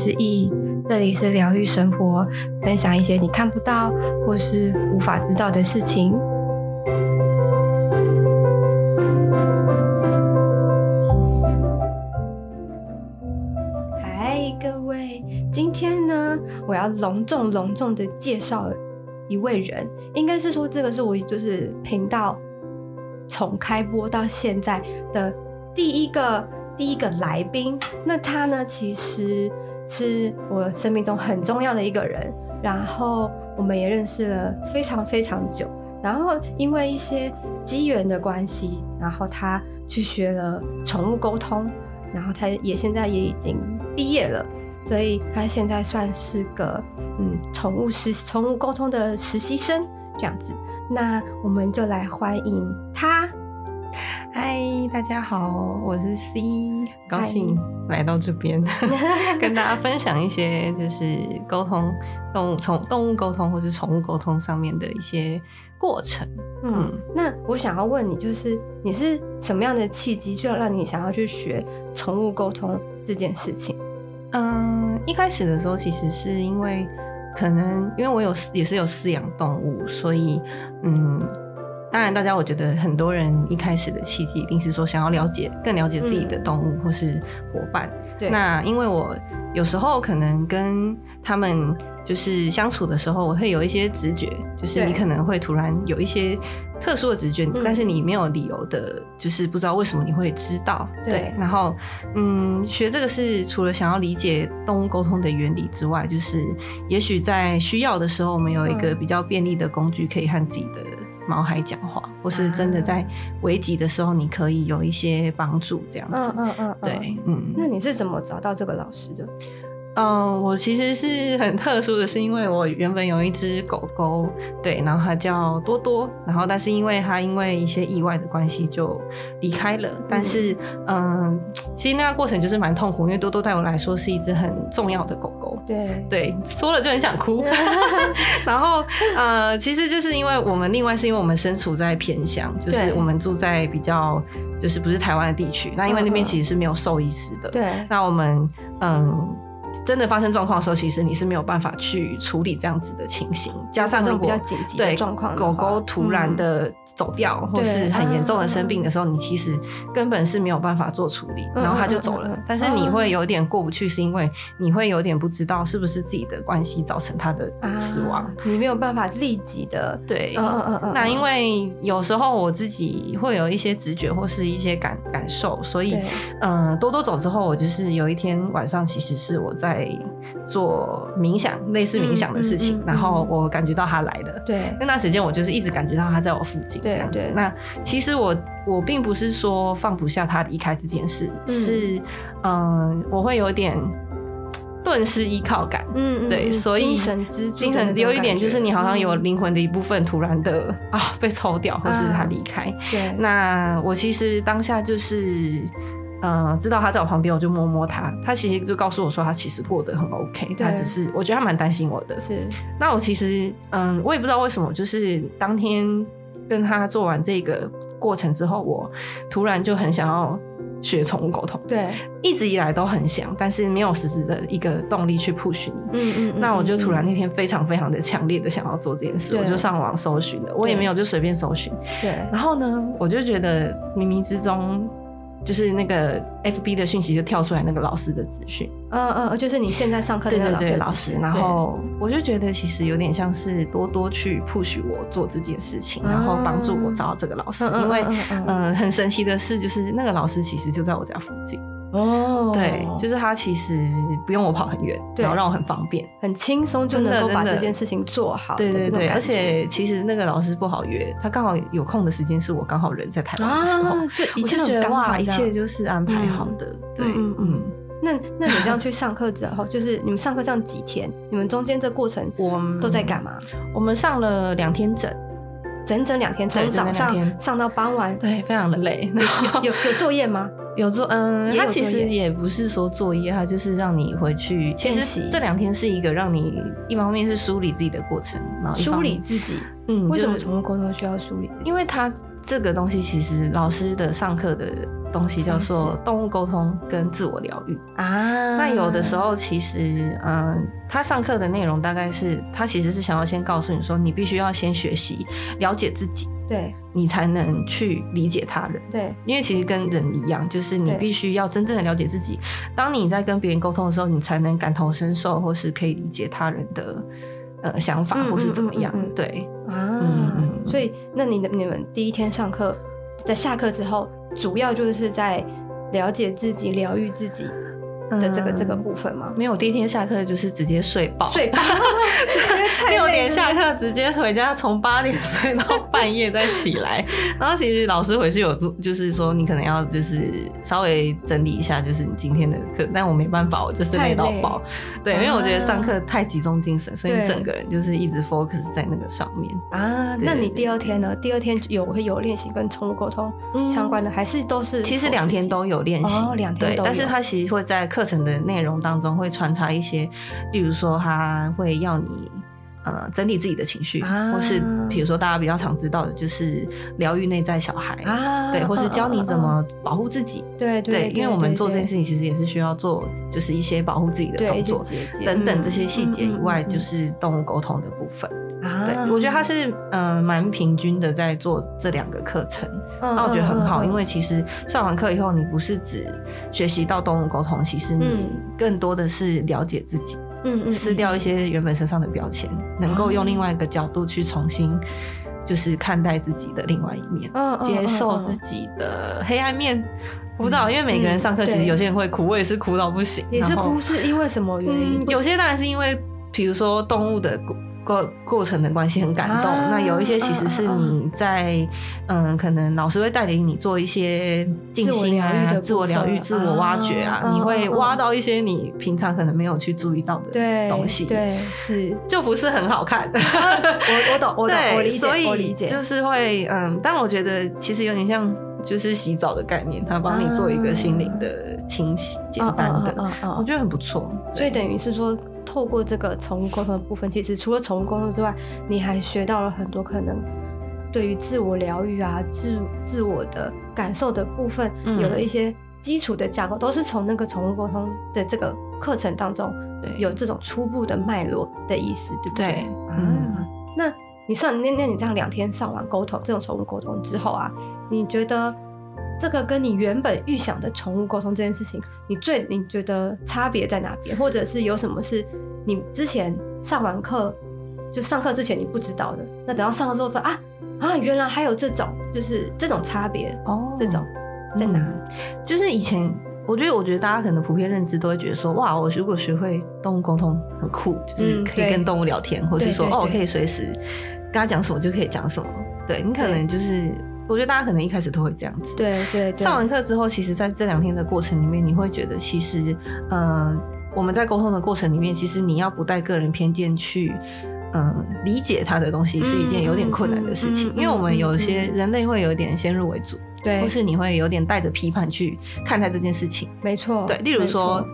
是意，這裡是療癒生活，分享一些你看不到或是無法知道的事情。嗨，各位，今天呢，我要隆重隆重的介紹一位人，應該是說這個是我就是頻道從開播到現在的第一個第一個來賓。那他呢，其實。是我生命中很重要的一個人，然後我們也認識了非常非常久，然後因為一些機緣的關係，然後他去學了寵物溝通，然後他也現在也已經畢業了，所以他現在算是個嗯寵物實寵物溝通的實習生這樣子，那我們就來歡迎他。嗨，大家好，我是 C，很高興來到這邊， 跟大家分享一些就是溝通動物從動物溝通，或是寵物溝通上面的一些過程。嗯，嗯那我想要問你，就是你是什麼樣的契機，就要讓你想要去學寵物溝通這件事情？嗯，一開始的時候，其實是因為可能因為我有也是有飼養動物，所以嗯。當然，大家我覺得很多人一開始的契機一定是說想要了解更了解自己的動物或是夥伴。對、嗯，那因為我有時候可能跟他們就是相處的時候，我會有一些直覺，就是你可能會突然有一些特殊的直覺，但是你沒有理由的，就是不知道為什麼你會知道。嗯、對、對，然後嗯，學這個是除了想要理解動物溝通的原理之外，就是也許在需要的時候，我們有一個比較便利的工具可以和自己的。毛孩講話，或是真的在危急的時候，你可以有一些幫助，這樣子。嗯、啊、嗯，對、啊啊啊，嗯。那你是怎麼找到這個老師的？嗯、呃，我其實是很特殊的，是因為我原本有一隻狗狗，對，然後它叫多多，然後但是因為它因為一些意外的關係就離開了，嗯、但是嗯、呃，其實那個過程就是蠻痛苦，因為多多對我來說是一隻很重要的狗狗，對對，說了就很想哭， 然後呃，其實就是因為我們另外是因為我們身處在偏鄉，就是我們住在比較就是不是台灣的地區，那因為那邊其實是沒有獸醫師的，對，那我們嗯。呃真的發生狀況的時候，其實你是沒有辦法去處理這樣子的情形。加上如果、就是、比較緊急的狀況，狗狗突然的走掉，嗯、或是很嚴重的生病的時候、嗯，你其實根本是沒有辦法做處理，嗯、然後它就走了、嗯嗯。但是你會有點過不去，是因為你會有點不知道是不是自己的關係造成它的死亡、嗯，你沒有辦法立即的對。嗯嗯嗯。那因為有時候我自己會有一些直覺或是一些感感受，所以嗯，多多走之後，我就是有一天晚上，其實是我在。做冥想，類似冥想的事情、嗯嗯嗯，然後我感覺到他來了。對，那段時間我就是一直感覺到他在我附近這樣子。那其實我我並不是說放不下他離開這件事，嗯是嗯、呃，我會有點頓失依靠感。嗯，對，所以精神之精神有一點就是你好像有靈魂的一部分突然的啊、嗯哦、被抽掉，或是他離開、啊。對，那我其實當下就是。嗯，知道他在我旁邊，我就摸摸他。他其實就告訴我說，他其實過得很 OK。他只是，我覺得他蠻擔心我的。是。那我其實，嗯，我也不知道為什麼，就是當天跟他做完這個過程之後，我突然就很想要學寵物溝通。對。一直以來都很想，但是沒有實質的一個動力去 push 你，嗯嗯，嗯，嗯，嗯，那我就突然那天非常非常的強烈的想要做這件事，我就上網搜尋了。我也沒有就隨便搜尋。對。然後呢，我就覺得冥冥之中。就是那個 FB 的訊息就跳出來那個老師的資訊，嗯嗯，就是你現在上課的那個老師，對對對，老師，然後我就覺得其實有點像是多多去 push 我做這件事情，然後幫助我找到這個老師，嗯、因為嗯，嗯，嗯、呃、很神奇的是就是那個老師其實就在我家附近。哦、oh，對，就是他其實不用我跑很遠，然後讓我很方便，很輕鬆就能夠把這件事情做好。對對對，而且其實那個老師不好約，他剛好有空的時間是我剛好人在台灣的時候，啊、就一切都很剛好，哇，一切就是安排好的。嗯、對，嗯，嗯，那那你這樣去上課之後，就是你們上課這樣幾天， 你們中間這過程我們都在幹嘛？我們上了兩天整，整整兩天，從早上上到傍晚，對，非常的累。 有有有作業嗎？有做，嗯，他其實也不是說作業，他就是讓你回去。其實這兩天是一個讓你一方面是梳理自己的過程，然後梳理自己。嗯，為什麼寵物溝通需要梳理自己？因為他這個東西其實老師的上課的東西叫做動物溝通跟自我療癒。嗯，啊。那有的時候其實，嗯，他上課的內容大概是他其實是想要先告訴你說，你必須要先學習了解自己。對，你才能去理解他人。對，因為其實跟人一樣，就是你必須要真正的了解自己。當你在跟別人溝通的時候，你才能感同身受，或是可以理解他人的、呃、想法，或是怎麼樣。嗯嗯嗯嗯，對啊，嗯嗯，所以那你的你們第一天上課在下課之後，主要就是在了解自己、療癒自己的這個這個部分嗎？嗯、沒有，第一天下課就是直接睡飽，睡飽，六 點下課直接回家，從八點睡到半夜再起來。 然後其實老師回去有做，就是說你可能要就是稍微整理一下，就是你今天的課。但我沒辦法，我就是累到爆，對，因為我覺得上課太集中精神、嗯，所以你整個人就是一直 focus 在那個上面啊。那你第二天呢？第二天有會有練習跟寵物溝通相關的，嗯、還是都是？其實兩天都有練習，哦、兩天都有，但是他其實會在。課程的內容當中會穿插一些，例如說他會要你呃整理自己的情緒，啊，或是比如說大家比較常知道的就是療癒內在小孩啊，對，或是教你怎麼保護自己，啊，對對，因為我們做這件事情其實也是需要做就是一些保護自己的動作等等，這些細節以外，嗯，就是動物溝通的部分。對、啊，我覺得他是嗯蠻、呃、平均的，在做這兩個課程，那、哦、我覺得很好、哦，因為其實上完課以後，你不是只學習到動物溝通，其實你更多的是了解自己，嗯，撕掉一些原本身上的標籤、嗯，能夠用另外一個角度去重新就是看待自己的另外一面，哦、接受自己的黑暗面。哦、我不知道、嗯，因為每個人上課，其實有些人會哭、嗯，我也是哭到不行。也是哭是因為什麼原因、嗯？有些當然是因為，比如說動物的。過過程的關係很感動、啊，那有一些其實是你在、啊啊、嗯，可能老師會帶領你做一些靜心啊，自我療癒、啊、自我挖掘啊，啊，你會挖到一些你平常可能沒有去注意到的東西，對，對是就不是很好看。啊、我我懂，我懂 對，我理解，所以就是會嗯，但我覺得其實有點像就是洗澡的概念，他幫你做一個心靈的清洗、啊、簡單的、啊啊啊，我覺得很不錯，所以等於是說。透過這個寵物溝通的部分，其實除了寵物溝通之外，你還學到了很多可能對於自我療癒啊、自自我的感受的部分，有了一些基礎的架構，嗯、都是從那個寵物溝通的這個課程當中對有這種初步的脈絡的意思，對不對？對嗯、啊，那你上那那你這樣兩天上完溝通這種寵物溝通之後啊，你覺得？這個跟你原本預想的寵物溝通這件事情，你最你覺得差別在哪邊，或者是有什麼是你之前上完課就上課之前你不知道的？那等到上課之後發現啊啊，原來還有這種就是這種差別哦，這種在哪？嗯，就是以前我覺得，我覺得大家可能普遍認知都會覺得說，哇，我如果學會動物溝通很酷，就是可以跟動物聊天，嗯，或是說哦，我可以隨時跟他講什麼就可以講什麼。對你可能就是。我覺得大家可能一開始都會這樣子。對對，對。上完課之後，其實在這兩天的過程裡面，你會覺得其實，嗯、呃，我們在溝通的過程裡面，嗯、其實你要不帶個人偏見去，嗯、呃，理解他的東西是一件有點困難的事情。嗯嗯，因為我們有些人類會有點先入為主，對，或是你會有點帶着批判去看待這件事情，沒錯。對，例如說，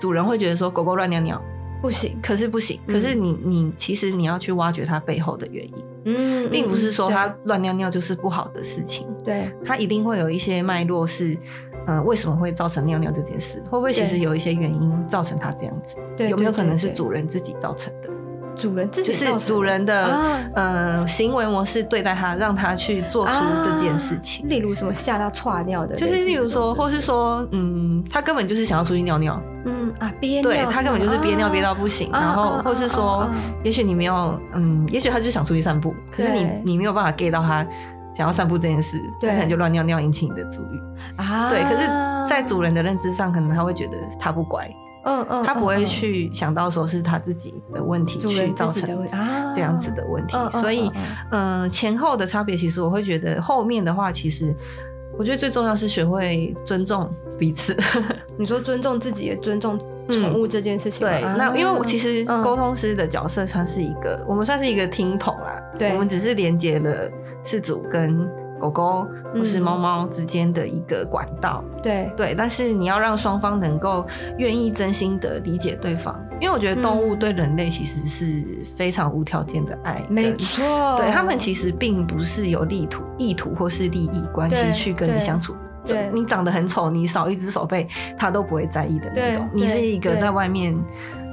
主人會覺得說狗狗亂尿尿不行，嗯，可是不行，可是你，嗯、你其實你要去挖掘它背後的原因。嗯，嗯，並不是說他亂尿尿就是不好的事情。對，他一定會有一些脈絡是，呃，為什麼會造成尿尿這件事？會不會其實有一些原因造成他這樣子？對，有沒有可能是主人自己造成的？主人自己，就是主人的、啊、呃行為模式對待他，讓他去做出這件事情。啊、例如什麼嚇到剉尿的，就是例如說，或是說，嗯，他根本就是想要出去尿尿。嗯啊憋尿，對他根本就是憋尿憋到不行，啊、然後、啊、或是說，啊、也許你沒有，嗯，啊、也許他就想出去散步，可是你你沒有辦法 get 到他想要散步這件事，他可能就亂尿尿，引起你的注意啊。對，可是，在主人的認知上，可能他會覺得他不乖。嗯嗯，他不會去想到說是他自己的問題去造成這樣子的問題，啊、所以嗯前後的差別其實我會覺得後面的話，其實我覺得最重要是學會尊重彼此。你說尊重自己也尊重寵物這件事情、嗯。對，那因為其實溝通師的角色算是一個，我們算是一個聽筒啦，對，我們只是連接了飼主跟。狗狗或是貓貓之間的一個管道，嗯、對對，但是你要讓雙方能夠願意真心的理解對方，因為我覺得動物對人類其實是非常無條件的愛、嗯，沒錯，對，他們其實並不是有利圖、意圖或是利益關係去跟你相處，對，就你長得很醜，你少一隻手背，他都不會在意的那種，你是一個在外面。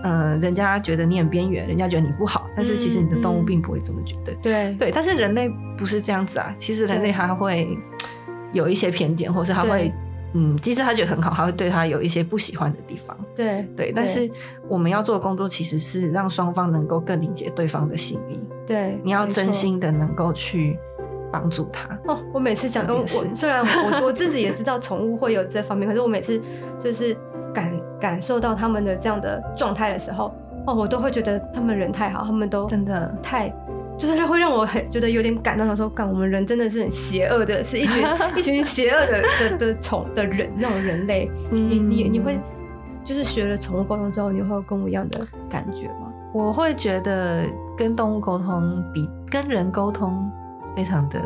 嗯、呃，人家覺得你很邊緣，人家覺得你不好，但是其實你的動物、嗯嗯、並不會這麼覺得。對對，但是人類不是這樣子啊，其實人類他會有一些偏見，或是他會嗯，即使他覺得很好，他會對他有一些不喜歡的地方。對對，對，但是我們要做的工作其實是讓雙方能夠更理解對方的心意。對，你要真心的能夠去幫助他。哦，我每次講我，我雖然我我自己也知道寵物會有這方面， 可是我每次就是感。感受到他們的這樣的狀態的時候，哦，我都會覺得他們人太好，他們都真的太，就是會讓我很覺得有點感動。他說：“感我們人真的是很邪惡的，是一群 一群邪惡的的的寵的人那種人類。 你”你你你會就是學了寵物溝通之後，你會有跟我們一樣的感覺嗎？我會覺得跟動物溝通比跟人溝通非常的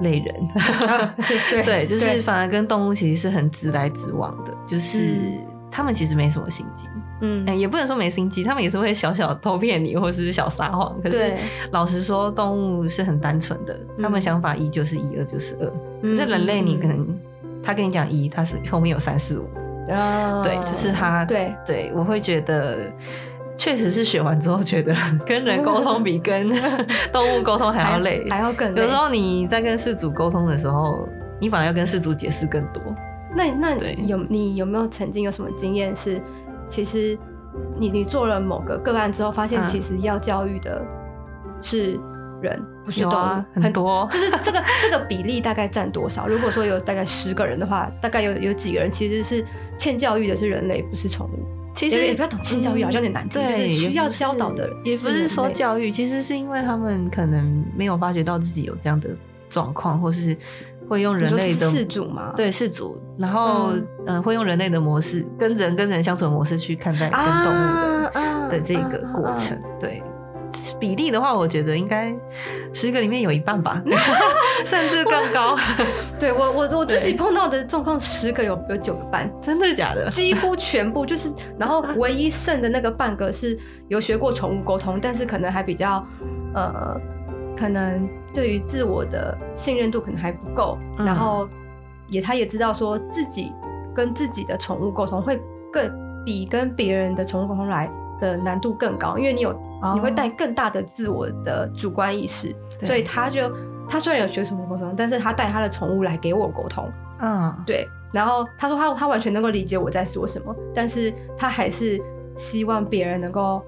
累人， 對，就是反而跟動物其實是很直來直往的，就是、 嗯。他們其實沒什麼心機，嗯、欸，也不能說沒心機，他們也是會小小偷騙你，或者是小撒謊。可是老實說，動物是很單純的、嗯，他們想法一就是一，二就是二。可是人類，你可能、嗯、他跟你講一，他是後面有三四五，哦、對，就是他，對對，我會覺得確實是學完之後，覺得跟人溝通比跟動物溝通還要累，還，還要更。有時候你在跟事主溝通的時候，你反而要跟事主解釋更多。那那有你有沒有曾經有什麼經驗是，其實你你做了某個個案之後，發現其實要教育的是人，不、啊、是動物、啊、很、很多。就是這個 這個比例大概占多少？如果說有大概十個人的話，大概有有幾個人其實是欠教育的，是人類不是寵物？其實也不要講欠教育，好像有點難聽。對，就是、需要教導的人，也不是說教育，其實是因為他們可能沒有發覺到自己有這樣的狀況，或是。會用人類的飼主嘛？對，飼主。然後，嗯、呃，會用人類的模式，跟人跟人相處的模式去看待跟動物的，啊、的這個過程、啊啊。對，比例的話，我覺得應該十個裡面有一半吧，啊、 甚至更高。 對我，我我自己碰到的狀況，十個有有九個半，真的假的？幾乎全部就是，然後唯一剩的那個半個是有學過寵物溝通，但是可能還比較，呃，可能。對於自我的信任度可能還不夠，嗯、然後也他也知道說自己跟自己的寵物溝通會更比跟別人的寵物溝通來的難度更高，因為你有、哦、你會帶更大的自我的主觀意識，對，所以他就他雖然有學寵物溝通，但是他帶他的寵物來給我溝通，嗯，對，然後他說他他完全能夠理解我在說什麼，但是他還是希望別人能夠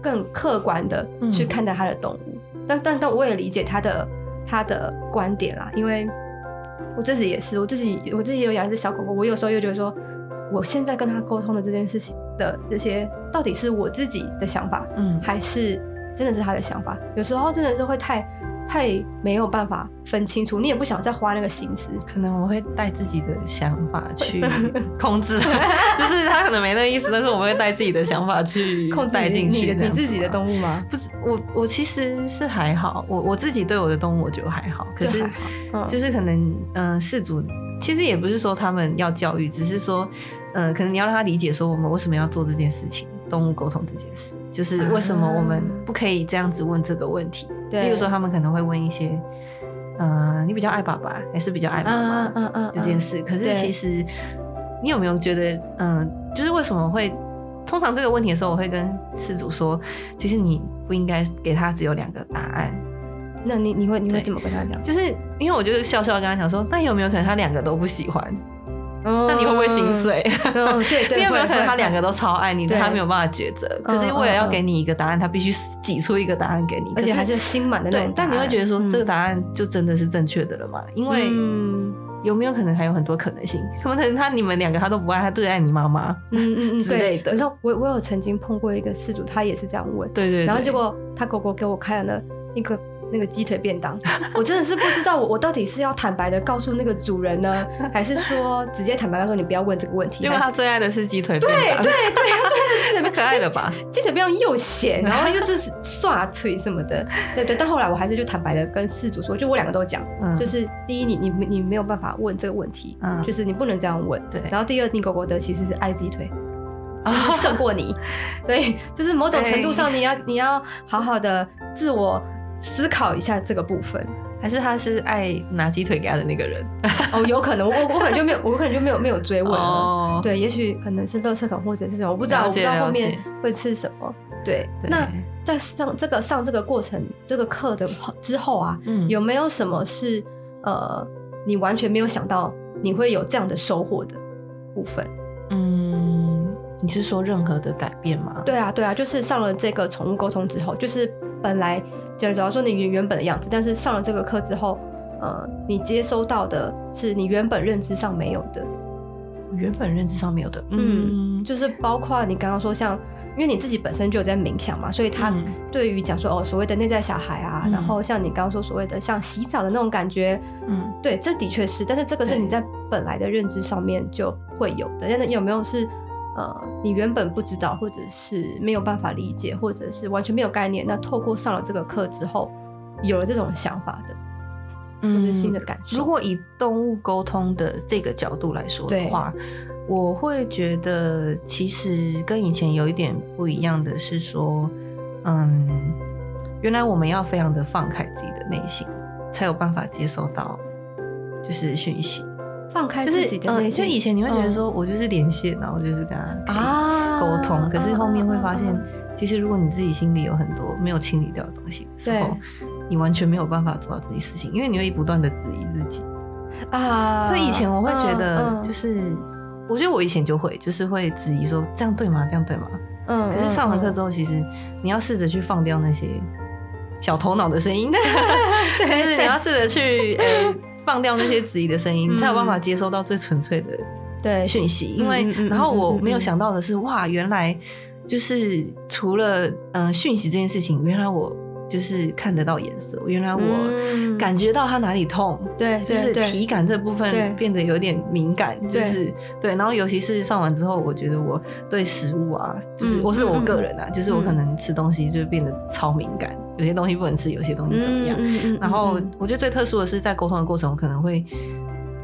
更客觀的去看待他的動物。嗯但但但我也理解他的他的觀點啦，因為我自己也是，我自己我自己也有養一隻小狗狗，我有時候又覺得說，我現在跟他溝通的這件事情的這些，到底是我自己的想法，嗯，還是真的是他的想法？有時候真的是會太。太沒有辦法分清楚，你也不想再花那個心思。可能我會帶自己的想法去控制， 就是他可能沒那意思， 但是我會帶自己的想法去控制你，你自己的動物嗎？不是，我我其實是還好，我我自己對我的動物我覺得還好。可是就是可能嗯，飼、呃、主其實也不是說他們要教育，只是說嗯、呃，可能你要讓他理解說我們為什麼要做這件事情，動物溝通這件事。就是為什麼我們不可以這樣子問這個問題？對、uh,，例如說他們可能會問一些，呃，你比較愛爸爸還是比較愛媽媽、uh, uh, uh, uh, uh. 這件事？可是其實你有沒有覺得，嗯、呃，就是為什麼會通常這個問題的時候，我會跟事主說，其實你不應該給他只有兩個答案。那你你會你會怎麼跟他講？就是因為我就是笑笑跟他講說，那有沒有可能他兩個都不喜歡？那你會不會心碎？因、oh, 為、 oh, 對對 有沒有可能他兩個都超愛你，他沒有辦法抉擇。Oh, 可是為了要給你一個答案，oh, oh, oh. 他必須擠出一個答案給你，而且還是心滿的那種答案。對，但你會覺得說這個答案就真的是正確的了嗎、嗯？因為有沒有可能還有很多可能性？可能他你們兩個他都不愛，他對愛你媽媽？嗯嗯嗯,嗯，之類的。然後我我有曾經碰過一個飼主，他也是這樣問，對對,對對。然後結果他狗狗給我開了一個。那個雞腿便當， 我真的是不知道我，我我到底是要坦白的告訴那個主人呢，還是說直接坦白的說你不要問這個問題？因為他最愛的是雞腿便當。對對對，他最愛的雞腿，太可愛了吧！雞腿便當又鹹，然後他就只是刷腿什麼的， 對對。但後來我還是就坦白的跟飼主說，就我兩個都講，嗯，就是第一你，你你你沒有辦法問這個問題，嗯，就是你不能這樣問，對。對。然後第二，你狗狗的其實是愛雞腿勝 過你， 所以就是某種程度上，你要你要好好的自我。思考一下這個部分，還是他是愛拿雞腿給他的那個人？哦，有可能，我我可能就沒有， 我可能就沒有沒有追問了。哦，對，也許可能是垃圾桶，或者是什麼，我不知道，我不知道後面會吃什麼。對，對那在上這個上這個過程這個課的之後啊，嗯，有沒有什麼是呃你完全沒有想到你會有這樣的收穫的部分？嗯，你是說任何的改變嗎？對啊，對啊，就是上了這個寵物溝通之後，就是本來。假如說你原原本的樣子，但是上了這個課之後，呃，你接收到的是你原本認知上沒有的，我原本認知上沒有的，嗯，嗯，就是包括你剛剛說像，因為你自己本身就有在冥想嘛，所以他對於講說、嗯、哦，所謂的內在小孩啊、嗯，然後像你剛剛說所謂的像洗澡的那種感覺，嗯，對，這的確是，但是這個是你在本來的認知上面就會有的，那有沒有是？呃，你原本不知道，或者是沒有辦法理解，或者是完全沒有概念，那透過上了這個課之後，有了這種想法的，嗯，或者新的感受。如果以動物溝通的這個角度來說的話，我會覺得其實跟以前有一點不一樣的是說，嗯，原來我們要非常的放開自己的內心，才有辦法接收到就是訊息。就是就、嗯、以前你會覺得說，我就是連線、嗯，然後就是跟他可以溝通、啊。可是後面會發現，其、啊、實、啊啊、如果你自己心裡有很多沒有清理掉的東西的時候，之後你完全沒有辦法做到這些事情，因為你會不斷的質疑自己啊。所以以前我會覺得，就是、啊啊、我覺得我以前就會，就是會質疑說，這樣對嗎？這樣對嗎？嗯。可是上完課之後、嗯，其實你要試着去放掉那些小頭腦的聲音， 對 就是你要試着去 放掉那些質疑的聲音、嗯，你才有辦法接收到最純粹的訊息，對。因為，然後我沒有想到的是，嗯嗯嗯嗯、哇，原來就是除了嗯、呃、訊息這件事情，原來我。就是看得到顏色，原來我感覺到它哪裡痛，對、嗯，就是體感這部分變得有點敏感，就是對。然後尤其是上完之後，我覺得我對食物啊，就是我是我個人啊，嗯、就是我可能吃東西就變得超敏感、嗯，有些東西不能吃，有些東西怎麼樣。嗯嗯、然後我覺得最特殊的是在溝通的過程，我可能會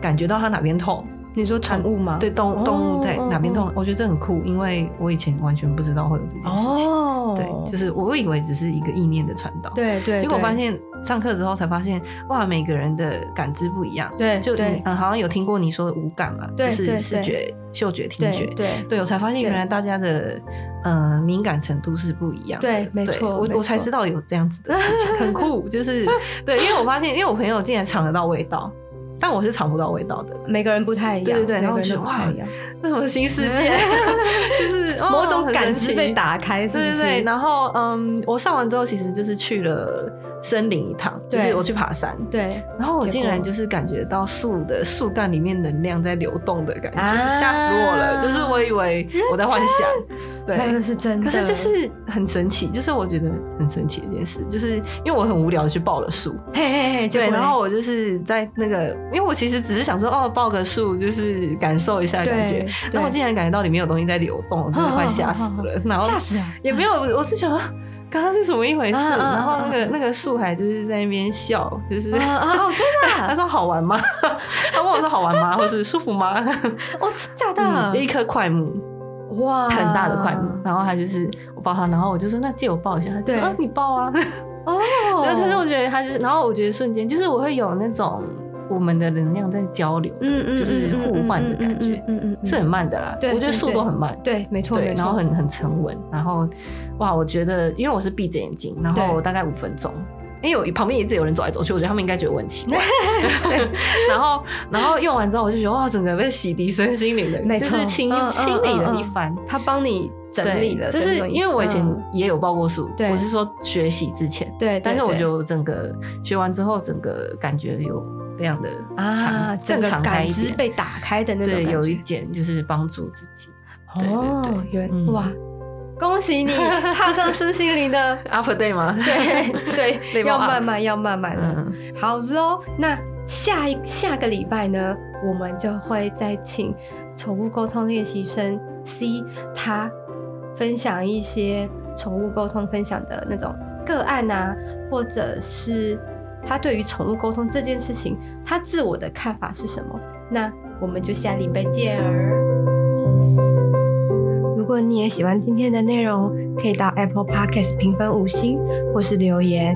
感覺到他哪邊痛。你說寵物嗎？啊、對動動物邊動，對哪邊動？我覺得這很酷，因為我以前完全不知道會有這件事情。哦、對，就是我以為只是一個意念的傳導。對對。因為我發現上課之後才發現，哇，每個人的感知不一樣。對。對就嗯，好像有聽過你說的五感嘛、啊？對，就是視覺、嗅覺、聽覺。對對。對，我才發現原來大家的嗯、呃，敏感程度是不一樣的。對，沒錯。我我才知道有這樣子的事情，很酷。 就是對，因為我發現，因為我朋友竟然嘗得到味道。但我是嚐不到味道的，每個人不太一樣。對對對，每個人都不太一樣。那什麼新世界，欸、 就是某種感情、哦、被打開是不是，對對對。然後嗯，我上完之後，其實就是去了森林一趟，就是我去爬山。對。然後我竟然就是感覺到樹的樹幹裡面能量在流動的感覺，嚇死我了、啊！就是我以為我在幻想。對，那個是真的，可是就是很神奇，就是我覺得很神奇的一件事，就是因為我很無聊的去抱了樹嘿嘿嘿，對，然後我就是在那個，因為我其實只是想說哦抱個樹就是感受一下感覺，然後我竟然感覺到裡面有東西在流動，我真的快嚇死了，哦哦哦哦哦然後嚇死啊，也沒有，哦哦哦我是想說剛剛是什麼一回事，啊啊啊啊啊然後那個那個樹還就是在那邊笑，就是哦真的，啊啊啊啊 他說好玩嗎？ 他問我，我說好玩嗎？ 或是舒服嗎？我、 哦、假的，嗯、一棵快木。哇，很大的快樂，然後他就是我抱他，然後我就說，那借我抱一下，對他就說，啊你抱啊，哦， 他說，我覺得他就是，然後我覺得瞬間就是我會有那種我們的能量在交流，的，就是互換的感覺，嗯嗯，是很慢的啦對，我覺得速度很慢，對，對，對，對，沒錯，對，然後很很沉穩，然後哇，我覺得因為我是閉着眼睛，然後大概五分鐘。對因為我旁邊一直有人走來走去，我覺得他們應該覺得我很奇怪。 然後，然後用完之後，我就覺得哇，整個被洗滌身心靈的，就是清、嗯、清理了一番，他幫你整理的。就是因為我以前也有報過書、嗯，我是說學習之前。對，對，對。但是我就整個學完之後，整個感覺有非常的啊，整個感知被打開的那種。對，有一點就是幫助自己。哦，對對對，原來、嗯、哇。恭喜你踏上身心靈的 Up Day 嗎？對對， 要慢慢，要慢慢了。嗯，好嘍，那下一下個禮拜呢，我們就會再請寵物溝通練習生 C 他分享一些寵物溝通分享的那種個案啊，或者是他對於寵物溝通這件事情他自我的看法是什麼？那我們就下禮拜見兒。如果你也喜歡今天的內容，可以到 Apple Podcast 評分五星，或是留言。